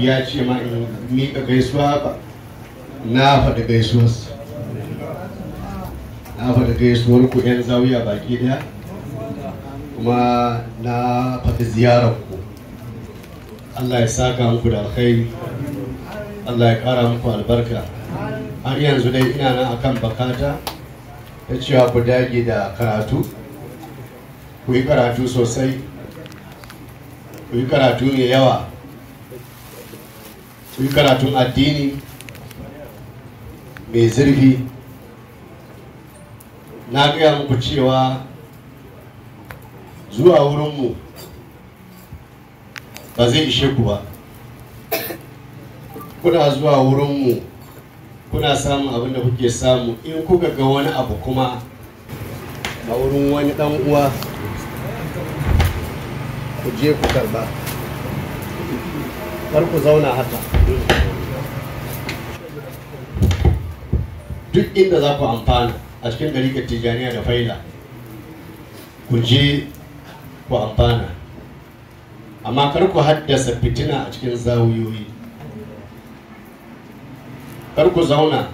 ya ce ma in miƙa gaisuwa ba na faɗi gaisuwarsu na faɗi gaisuwar ku 'yan zawiya baki ɗaya kuma na faɗi ziyarar ku Allah ya saka muku da kai, Allah ya ƙara muku albarka har yanzu dai ina nan akan bakata ta cewa ku dage da karatu ku yi karatu sosai ku yi karatu mai yawa ku yi karatun addini mai zurfi na gaya muku cewa zuwa wurinmu ba zai ishe ku ba kuna zuwa wurinmu kuna samun abin da kuke samu in kuka ga wani abu kuma a wurin wani dan uwa ku je ku karba kar ku zauna haka duk inda za ku amfana a cikin ɗarikar tijaniya da faila ku je ku amfana amma kar ku haddasa fitina a cikin zawiyoyi kar ku zauna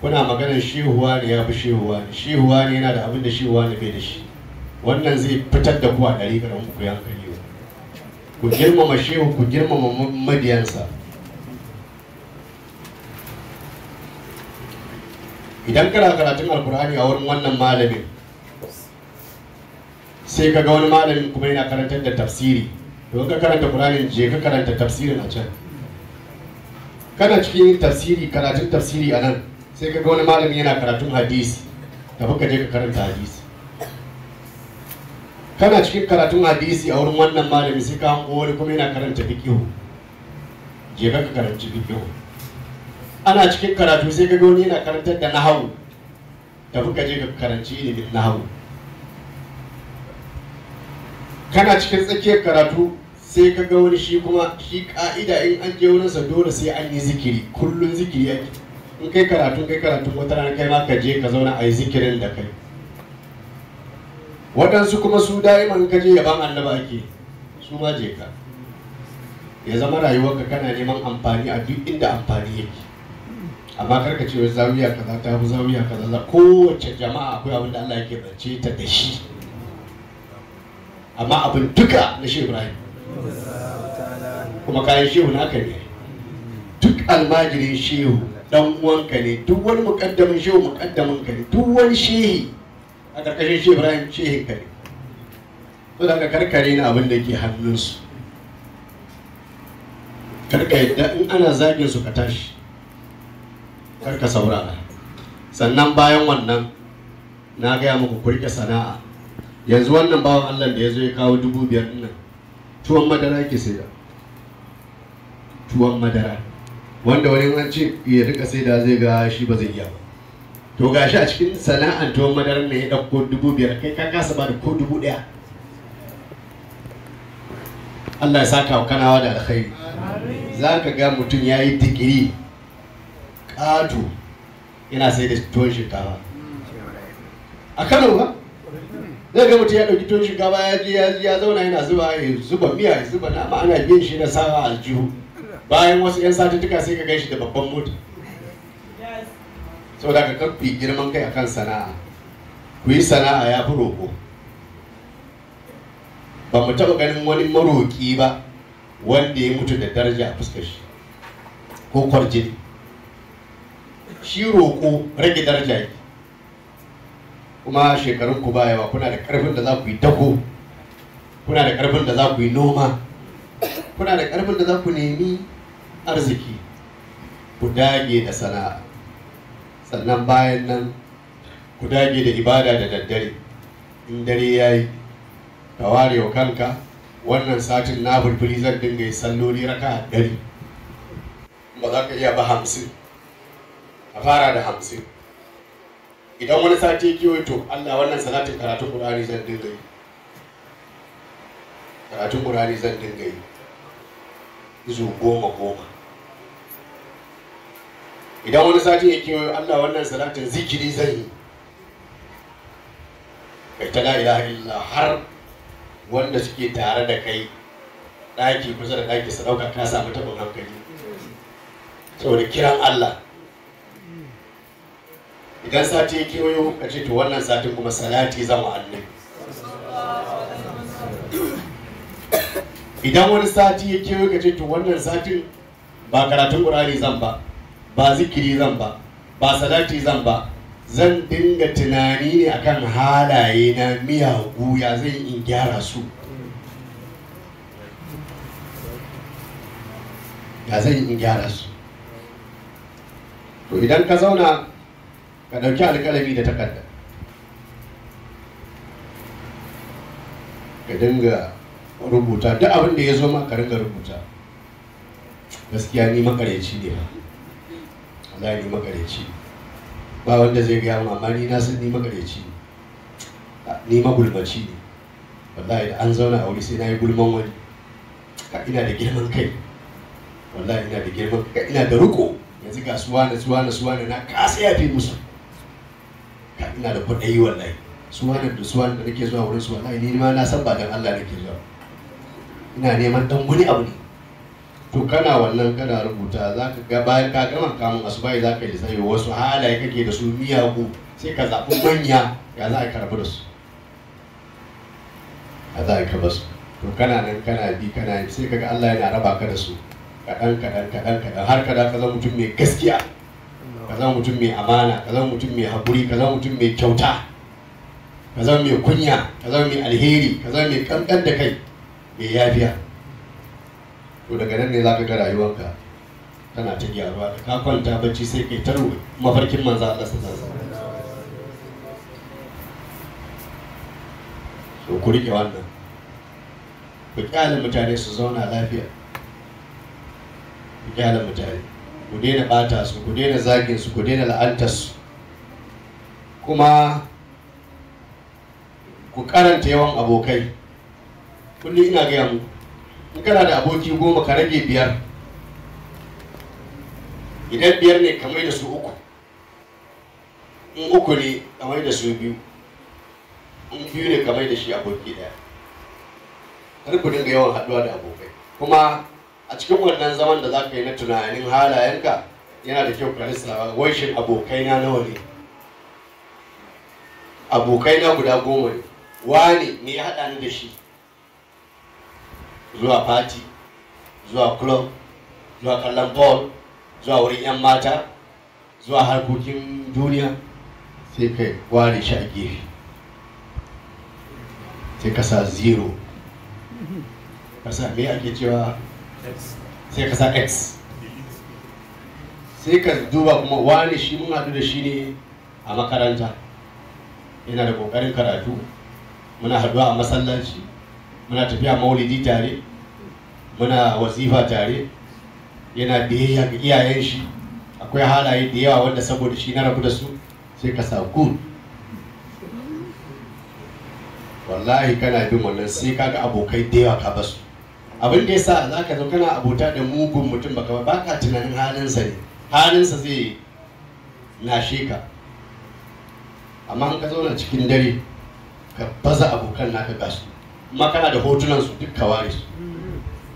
kuna maganar shehuwa ne ya fi shehuwa ne shehuwa ne yana da abin da shehuwa ne bai da shi wannan zai fitar da ku a ɗari ku yan kariyo ku girmama shehu ku girmama madiyansa idan kana karatun alkur'ani a wurin wannan malamin sai ka ga wani malamin kuma yana karantar da tafsiri don ka karanta kur'ani je ka karanta tafsirin a can kana cikin tafsiri karatun tafsiri a nan sai ka ga wani malamin yana karatun hadisi tafi ka je ka karanta hadisi kana cikin karatun hadisi a wurin wannan malamin sai ka hango wani kuma yana karanta fiqh je ka karanta fiqh ana cikin karatu sai ka wani yana karantar da nahawu da buka je ga karanci da nahawu kana cikin tsakiyar karatu sai ka ga wani shi kuma shi ka'ida in an je wurinsa dole sai an yi zikiri kullum zikiri yake in kai karatu kai karatu wata rana kai ma ka je ka zauna a yi zikirin da kai waɗansu kuma su daima in ka je yaban annaba ake su ma je ka ya zama rayuwarka kana neman amfani a duk inda amfani yake amma karka ce zawiya kaza ta fi zawiya kaza kowace jama'a akwai abin da Allah yake bance ta da shi amma abin duka na shi Ibrahim kuma kayan shehu naka ne duk almajirin shehu dan uwanka ne duk wani mukaddamin shehu mukaddamin ka ne duk wani shehi a karkashin shi Ibrahim shehi ka ne to daga karkare ni abin da ke hannunsu karka yadda in ana zagin su ka tashi kar ka sannan bayan wannan na gaya muku ku rike sana'a yanzu wannan bawan Allah da ya zo ya kawo dubu biyar nan tuwon madara yake saida tuwon madara wanda wani an ce ya rika saida zai ga shi ba zai iya ba to gashi a cikin sana'ar tuwon madarar ne ya dauko dubu biyar kai ka kasa ba da ko dubu ɗaya Allah ya saka wa kanawa da alkhairi za ka ga mutum ya yi digiri ƙato yana sai da tuwon shinkafa a kano ba zai ga mutum ya ɗauki tuwon shinkafa ya je ya zauna yana zuba ya zuba miya ya zuba nama ana yin shi na sawa a jihu bayan wasu 'yan satuttuka sai ka gaishe da babban mota saboda ka karfi girman kai akan sana'a ku yi sana'a ya fi roƙo ba mu taɓa ganin wani maroƙi ba wanda ya mutu da daraja a fuskar shi ko kwarjini shi roƙo rage daraja yake kuma shekarun ku ba yawa kuna da ƙarfin da za ku yi dako kuna da ƙarfin da za ku yi noma kuna da ƙarfin da za ku nemi arziki ku dage da sana'a sannan bayan nan ku dage da ibada da daddare in dare ya yi ka ware wa kanka wannan satin na bulbuli zan dinga yi salloli raka dare ba za ka iya ba hamsin a fara da hamsin idan wani sati ya kiwo to allah wannan salatin karatun kurari zan dinga yi karatun kurari zan dinga yi izu goma goma idan wani sati ya kiwo allah wannan salatin zikiri zan yi kai ta la ilaha illa har wanda suke tare da kai ɗaki kusa da ɗaki su ɗauka ka samu taɓin hankali saboda kiran allah idan sati ya kewayo ka ce to wannan satin kuma salati zama annabi idan wani sati ya kewayo ka ce to wannan satin ba karatun ƙur'ani zan ba ba zikiri zan ba ba salati zan ba zan dinga tunani ne akan halaye na miyagu ya zan in gyara su ya zan in gyara su to idan ka zauna ka ɗauki alƙalami da takarda ka dinga rubuta duk abin da ya zo ka dinga rubuta gaskiya ni makareci ne ba Allah ni makareci ba wanda zai gaya mu amma ni na san ni makareci ne ni magulmaci ne wallahi da an zauna a wuri sai na yi gulman wani ina da girman kai wallahi ina da girman kai ina da riko yanzu ga suwa na suwa na suwa na na kasa fi musu ina da yi wallahi su ma da su ma da nake zuwa wurin su wallahi ni ma na san ba dan Allah nake zuwa ina neman dan wani abu ne to kana wannan kana rubuta za ka ga bayan ka gama kamun asubai za ka yi sai wasu halaye kake da su miyagu sai ka zaɓi manya ya za a karɓi da su a za a karɓi su to kana nan kana bi kana sai ka ga Allah yana raba ka da su kaɗan kaɗan kaɗan kaɗan har ka da ka zama mutum mai gaskiya ka mutum mai amana ka mutum mai haƙuri ka mutum mai kyauta ka mai kunya ka mai alheri ka mai kankan da kai mai yafiya to daga nan ne za ka ga rayuwarka tana ta gyaruwa da ka kwanta bacci sai kai taro mafarkin manzo Allah sallallahu alaihi wasallam to ku rike wannan ku kyale mutane su zauna lafiya ku kyale mutane ku daina bata su ku daina zagin su ku daina la'antar su kuma ku karanta yawan abokai kullum ina gaya mu in kana da aboki goma ka rage biyar idan biyar ne ka mai da su uku in uku ne ka mai da su biyu in biyu ne ka mai da shi aboki daya har ku dinga yawan haduwa da abokai kuma a cikin wannan zaman da za ka yi na tunanin halayenka yana da kyau ka lissafa wai shin abokaina nawa ne abokaina guda goma ne wane ne ya haɗa ni da shi zuwa fati zuwa club zuwa kallon ball zuwa wurin 'yan mata zuwa harkokin duniya sai kai ware shi a gefe sai ka sa zero ka sa me ake cewa sai ka sa x sai ka duba kuma wani shi mun hadu da shi ne a makaranta yana da ƙoƙarin karatu muna haɗuwa a masallaci muna tafiya maulidi tare muna wazifa tare yana biyayya ga iyayen shi akwai halaye da yawa wanda saboda shi na rabu da su sai ka sa ku. wallahi kana bin wannan sai kaga abokai da yawa ka basu abin da yasa za ka zo kana abota da mugun mutum baka ba ka tunanin halinsa ne halinsa zai nashe ka amma an ka zauna cikin dare ka baza abokan naka ga su kuma kana da hotunan su duk ka ware su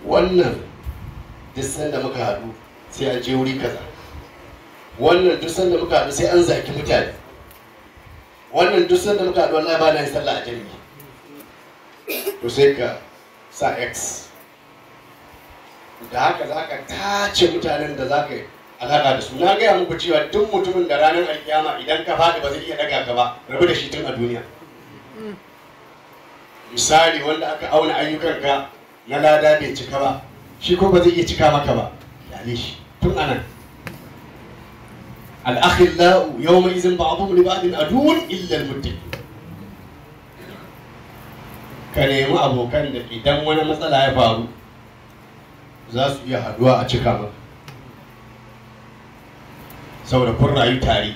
wannan duk sanda muka haɗu sai an je wuri kaza wannan duk sanda muka haɗu sai an zaki mutane wannan duk sanda muka haɗu wallahi ba na yin sallah a jami'a to sai ka sa x da haka za ka tace mutanen da za ka yi alaka da su na gaya muku cewa duk mutumin da ranar alkiyama idan ka faɗi ba zai iya daga ka ba rabu da shi tun a duniya misali wanda aka auna ayyukanka na lada bai cika ba shi ko ba zai iya cika maka ba yale shi tun anan al'akhillau yawma izin ba'dhum li ba'din adun illa al-muttaqin ka nemi abokan da idan wani matsala ya faru za su iya haduwa a cika maka saboda kun rayu tare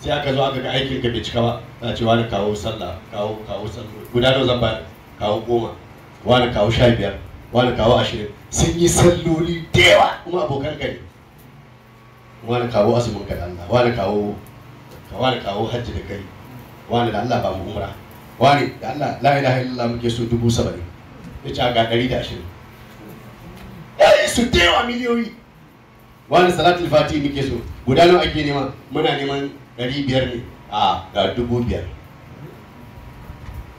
sai aka zo aka ga aikin ka bai cika ba za ce wani kawo sallah kawo kawo sallah guda nawa zan bayar kawo goma wani kawo sha biyar wani kawo ashirin sun yi salloli da yawa kuma abokan ka ne wani kawo azumin ka da Allah wani kawo wani kawo hajji da kai wani da Allah ba mu umra wani da Allah la ilaha illallah muke so dubu ne ya ce ga ɗari da ashirin su tewa miliyoyi wani salatul fati muke so guda nawa ake nema muna neman ɗari biyar ne a ga dubu biyar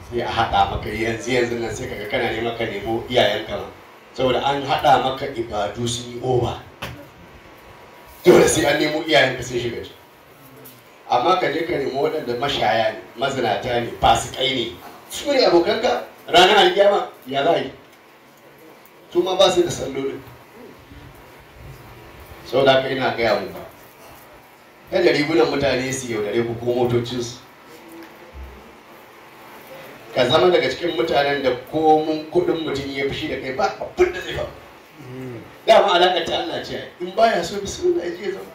sai a haɗa maka yanzu yanzu nan sai kaga kana neman ka nemo iyayen kama saboda an haɗa maka ibadu sun yi oba dole sai an nemo iyayen ka sun shiga amma ka je ka nemo waɗanda mashaya ne mazinata ne fasikai ne su ne abokanka ranar alƙiyama ya za yi su ma ba su da sallolin sau da haka ina gaya ba, kada rigunan mutane su yaudare ku ko motocinsu ka zama daga cikin mutanen da komun kudin mutum ya fushi da kai ba abin da zai ba dama alaƙa ta Allah ce in baya so bisu da ya zama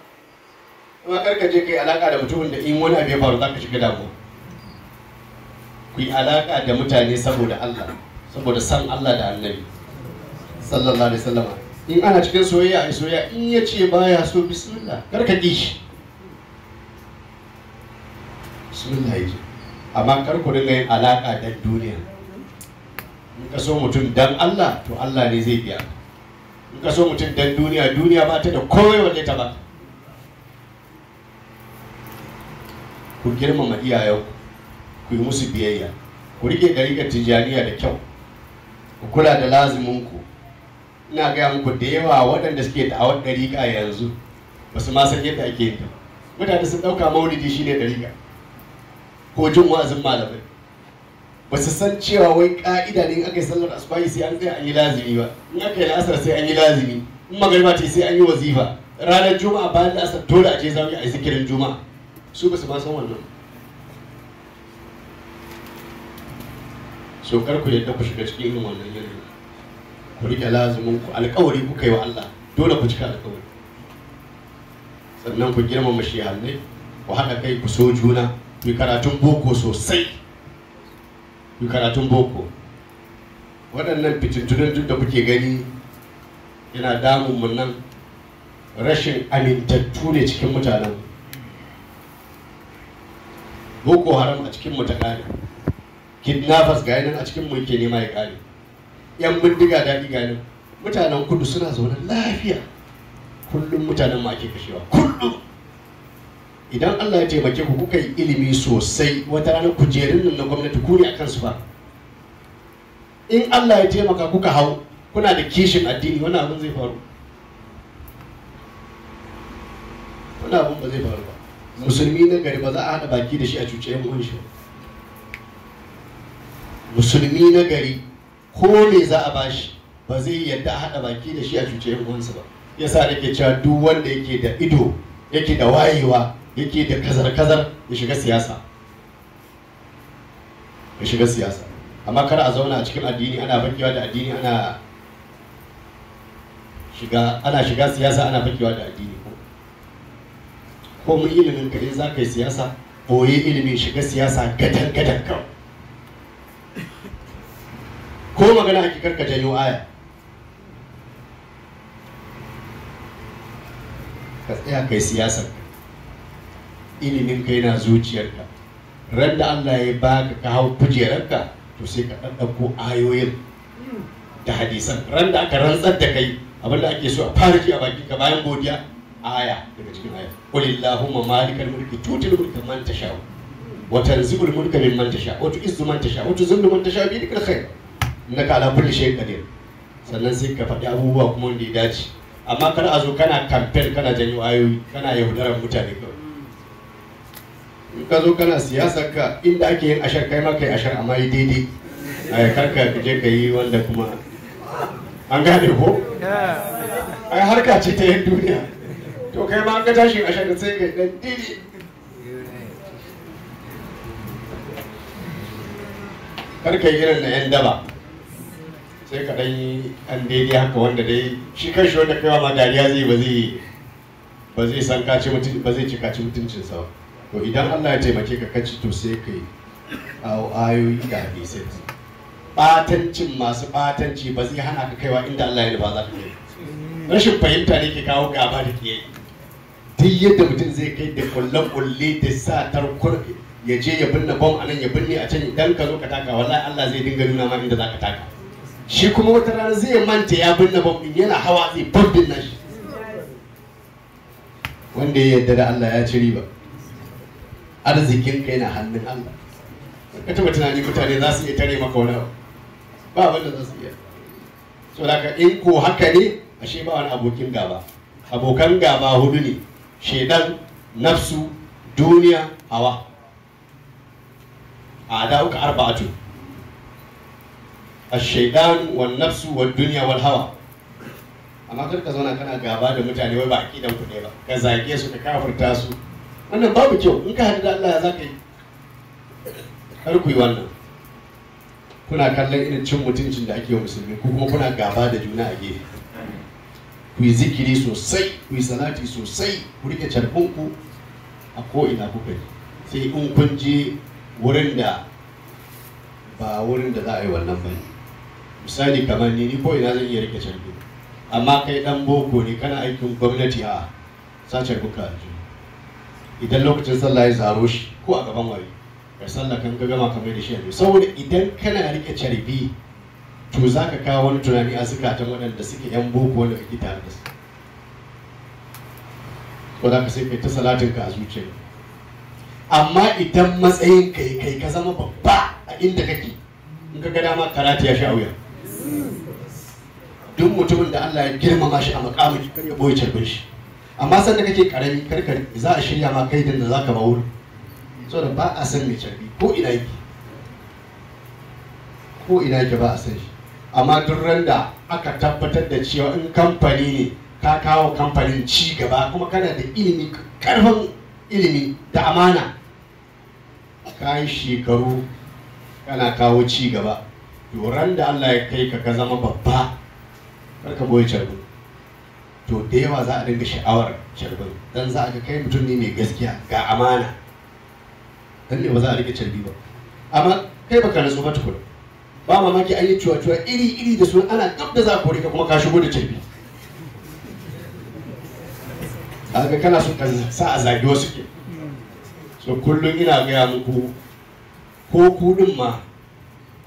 amma karka je kai alaƙa da mutumin da in wani abu ya faru za ka shiga damu ku yi alaƙa da mutane saboda Allah saboda san Allah da annabi sallallahu alaihi wasallam in ana cikin soyayya a soyayya in ya ce baya so bismillah kar ka ki shi bismillah yi amma kar ku dinga yin alaka da duniya in ka so mutum dan Allah to Allah ne zai biya in ka so mutum dan duniya duniya ba ta da komai wanda ta ba ku girmama iyayenku ku yi musu biyayya ku rike ɗariƙar tijaniya da kyau ku kula da laziminku ina gaya muku da yawa waɗanda suke da'awar ɗariƙa yanzu ba su ma san yadda ake yin ta mutane sun ɗauka maulidi ne ɗariƙa ko jin wa'azin malamai ba su san cewa wai ƙa'ida ne in aka yi sallar asubahi sai an tsaya an yi lazimi ba in aka yi la'asar sai an yi lazimi in magariba ce sai an yi wazifa ranar juma'a bayan la'asar dole a je za mu yi a zikirin juma'a su ba su ma san wannan shekar ku yadda ku shiga cikin irin wannan yanayi ku rike lazumin ku alkawari ku kai wa Allah dole ku cika alkawari sannan ku girmama halle ku haɗa kai ku so juna ku karatun boko sosai ku karatun boko waɗannan fitintunan duk da kuke gani yana damun mun nan rashin amintattu ne cikin mutanen boko haram a cikin mu ta kare kidnappers ga nan a cikin mu ke nema ya kare yan bindiga daɗi ganin mutanen kudu suna zaune lafiya kullum mutanen ma ake kashewa kullum idan Allah ya taimake ku kuka yi ilimi sosai wata ranar kujerun nan na gwamnati ku ne a kansu ba in Allah ya taimaka kuka hau kuna da kishin addini wani abin zai faru wani abin ba zai faru ba musulmi na gari ba za a haɗa baki da shi a cuce yan musulmi na gari ko me za a bashi ba zai yadda a haɗa baki da shi a cuce uwansa ba Ya sa da ke cewa duk wanda yake da ido yake da wayewa yake da kazar-kazar ya shiga siyasa ya shiga siyasa amma kar a zauna a cikin addini ana fakewa da addini ana shiga ana shiga siyasa ana fakewa da addini ko mun ilimin kare za ka yi siyasa boye ilimin shiga siyasa gadan gadan kawai ko magana ake karka janyo aya ka tsaya kai siyasar ilimin kai na zuciyarka Randa da Allah ya baka ka hau kujerarka to sai ka ɗaɗɗauko ayoyin da hadisan Randa da aka rantsar da kai abin da ake so a fara a baki ka bayan godiya aya daga cikin aya qul illahumma malikal mulki tutil mulka man tasha wa tanzilul mulka mimman tasha wa tu'izzu man tasha wa tuzillu man tasha bi dhikri khair na kala kulli shay kadir sannan sai ka faɗi abubuwa kuma wanda ya dace amma kar a zo kana kamfen kana janyo ayoyi kana yaudarar mutane kawai in ka zo kana siyasar ka inda ake yin ashar kai ma kai ashar amma yi daidai a kar ka je ka yi wanda kuma an gane ko yi harka ce ta yin duniya to kai ma an ga tashin ashar da sai ka dan didi kar ka yi irin na yan daba sai ka dai an daidai haka wanda dai shi kan shi wanda kaiwa ma dariya zai ba zai ba zai san kaci mutum ba zai ci kaci mutuncinsa to idan Allah ya taimake ka kaci to sai kai ayoyi da hadisai batancin masu batanci ba zai hana ka kaiwa inda Allah ya ba za ka kai rashin fahimta ne ke kawo gaba da ke duk yadda mutum zai kai da kulle-kulle da sa tarkur ya je ya binne bom a nan ya binne a can idan ka zo ka taka wallahi Allah zai dinga nuna ma inda za ka taka shi kuma wata rana zai manta ya binne bambin yana hawa zai babbin nashi. shi wanda ya yarda da Allah ya ci riba arzikin ka yana hannun Allah ka taba tunani mutane za su iya tare maka wani abu ba wanda za su iya so da in ko haka ne ashe ba wani abokin gaba abokan gaba hudu ne shedan nafsu duniya hawa a da uka arba'atu الشيطان والنفس والدنيا nafsu hawa amma kar ka zauna kana gaba da mutane wai ba kidan ku ne ba ka zage su ka su wannan babu kyau in ka haɗu da Allah ya zaka yi kar ku yi wannan kuna kallon irin cin mutuncin da ake yi musulmi ko kuma kuna gaba da juna a gefe ku yi zikiri sosai ku yi salati sosai ku rike ku a ko'ina kuka yi sai in kun je wurin da ba wurin da za a yi wannan bane misali kamar ni ni ko na zan iya rike canji amma kai dan boko ne kana aikin gwamnati a sace buka aljihu idan lokacin sallah ya zaro shi ko a gaban waye ka sallah kan ka gama kamar da shi ne saboda idan kana rike carbi to za kawo wani tunani a zukatan waɗanda suke yan boko wanda kake tare da su ko za ka sai kai ta salatin ka a zuciya amma idan matsayin kai kai ka zama babba a inda kake in ka ga dama karatu ya sha wuya duk mutumin da Allah ya girmama shi a makamin ya boye carbin shi amma sanda kake karami karkar za a shirya ma kai din da zaka ba wuri da ba a san mai carbi ko ina yake ko ina yake ba a san shi amma duk ran da aka tabbatar da cewa in kamfani ne ka kawo kamfanin ci gaba kuma kana da ilimi karfin ilimi da amana ka yi shekaru kana kawo ci gaba ran da Allah ya kai ka ka zama babba kar ka boye carbin to da yawa za a dinga sha'awar carbin dan za a ga kai mutum ne mai gaskiya ga amana dan ne ba za a rike carbi ba amma kai baka rasu ba tukun ba mamaki an yi cuwa-cuwa iri-iri da su ana gab da za ku kore kuma ka shigo da carbi kaga kana so ka sa a zagi wasu ke so kullum ina gaya muku ko kudin ma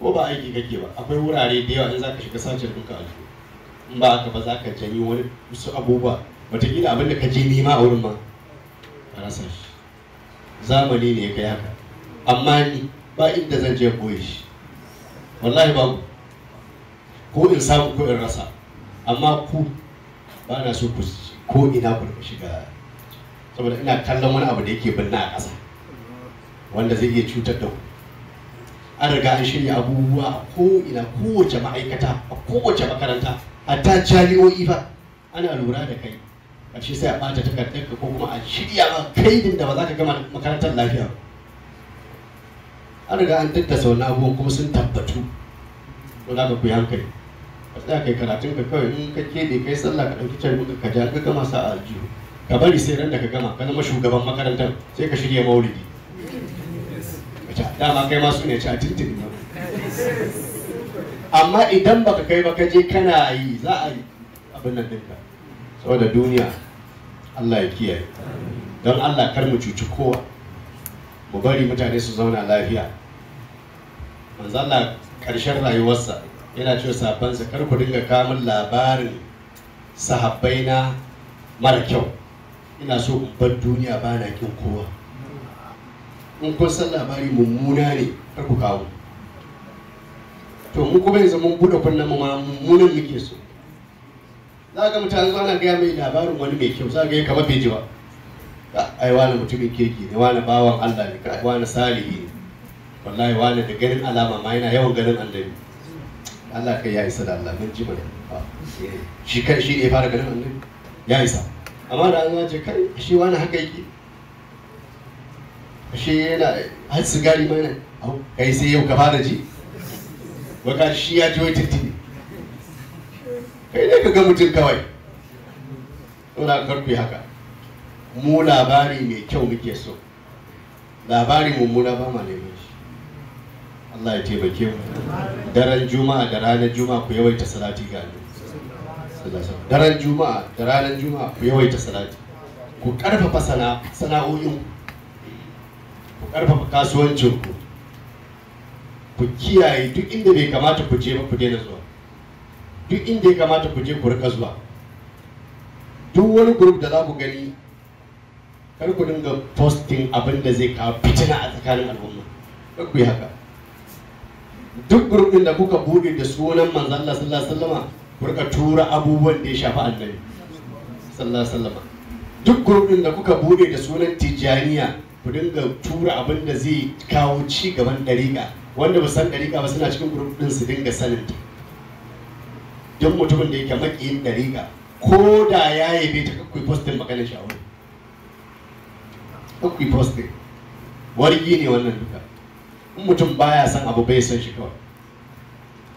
ko ba aiki kake ba akwai wurare da yawa in za ka shiga sacin duka alfu in ba haka ba za ka janyo wani wasu abubuwa wataƙila abin da ka je nema a wurin ma a rasa shi zamani ne ya kai haka amma ni ba inda zan je koyi shi wallahi ba ko in samu ko in rasa amma ku ba na so ku ko ina ku shiga saboda ina kallon wani abu da yake binna a ƙasa wanda zai iya cutar da ku an riga an shirya abubuwa a ko'ina kowace ma'aikata a kowace makaranta hatta jami'o'i fa ana lura da kai a ce sai a ɓata takardar ka ko kuma a shirya ma kaidin da ba za ka gama makarantar lafiya an riga an sau na abubuwan kuma sun tabbatu ko za ka kuyi hankali ka tsaya kai karatun ka kawai in ka keɓe kai sallah ka ɗauki can ka ka ja ka gama sa a aljihu ka bari sai ran da ka gama ka zama shugaban makarantar sai ka shirya maulidi ca dama kai ma su ne ca tintini ma amma idan baka kai baka je kana yi za a yi abin nan ɗinka saboda duniya Allah ya kiyaye don Allah kar mu cuci kowa mu bari mutane su zauna lafiya manzo karshen rayuwarsa yana cewa sabansa kar ku dinga kamun labarin sahabbaina mara kyau ina so in bar duniya bana kin kowa mun kun san labari mummuna ne kar ku kawo to mu kuma yanzu mun buɗe kunnen mu ma mummunan muke so za ga mutane zuwa na gaya mai labarin wani mai kyau za ga ya kama bai ji ba ah, ai wani mutumin kirki ne wani bawan Allah ne kai wani salihi ne wallahi wani da ganin alama ma yana yawan ganin annabi Allah kai ya isa da Allah mun ji bane ah, shi kai shi ne ya fara ganin annabi ya isa amma da an ce kai shi wani haka yake ashe yana har sigari mana kai sai yau ka fara ji baka shi ya ji wai tuntuni kai ne ka ga mutum kawai saboda karku haka mu labari mai kyau muke so labari mummuna ba ma neman shi Allah ya taimake mu daren juma'a da ranar juma'a ku yawaita salati ga ni daren juma'a da ranar juma'a ku yawaita salati ku karfafa sana'o'in ku ku karfafa kasuwancinku ku kiyaye duk inda bai kamata ku je ba ku daina zuwa duk inda ya kamata ku je ku rika zuwa duk wani group da za ku gani kar ku dinga posting abin da zai kawo fitina a tsakanin al'umma kar ku yi haka duk group din da kuka bude da sunan manzon Allah sallallahu alaihi wasallam ku rika tura abubuwan da ya shafi annabi sallallahu alaihi wasallam duk group din da kuka bude da sunan tijaniya ku dinga tura abin da zai kawo ci gaban dariƙa wanda ba san dariƙa ba suna cikin grup ɗin su dinga sanin ta don mutumin da yake makiyin dariƙa ko da ya yabe ta kakwai postin maganin shawari kakwai postin wargi ne wannan duka in mutum baya son abu bai son shi kawai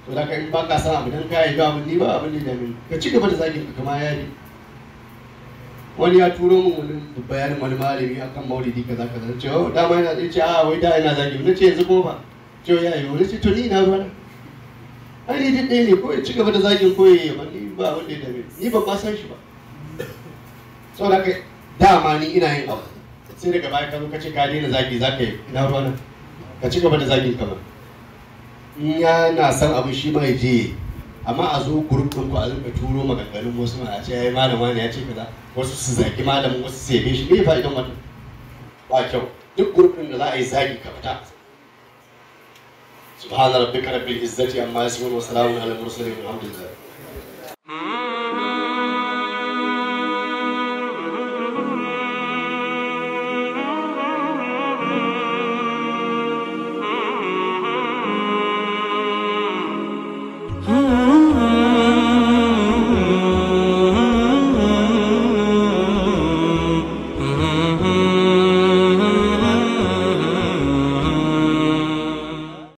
to da ka in ka san abu don ka yabe abin ni ba abin da ya ka ci gaba da zagin ka kama yari wani ya turo mu wani bayanin wani malami akan maulidi kaza kaza ce oh dama yana zai ce a ah, wai da yana zagi na ce yanzu ko ba ce ya yi wani ce to ni na ruwa ai ni duk ɗaya ne ko ya ci gaba da zagin ko ya yi ba ni ba wanda ya dame ni ban ba san shi ba saboda ka dama ni ina yin abu sai daga baya ka zo ka ce ka daina zagi za ka yi na ruwa ka ci gaba da zagin ka in ya na san abu shi ma ya je amma a zo gurbin ku a zuka turo maganganun wasu ma a ce ya yi malama ne ya ce kaza wasu su zaki malamin wasu su yabe shi me fa'idan mutum ba kyau duk gurbin da za a yi zagi ka fita subhana rabbika rabbil izzati amma yasifun wa salamun alal mursalin alhamdulillah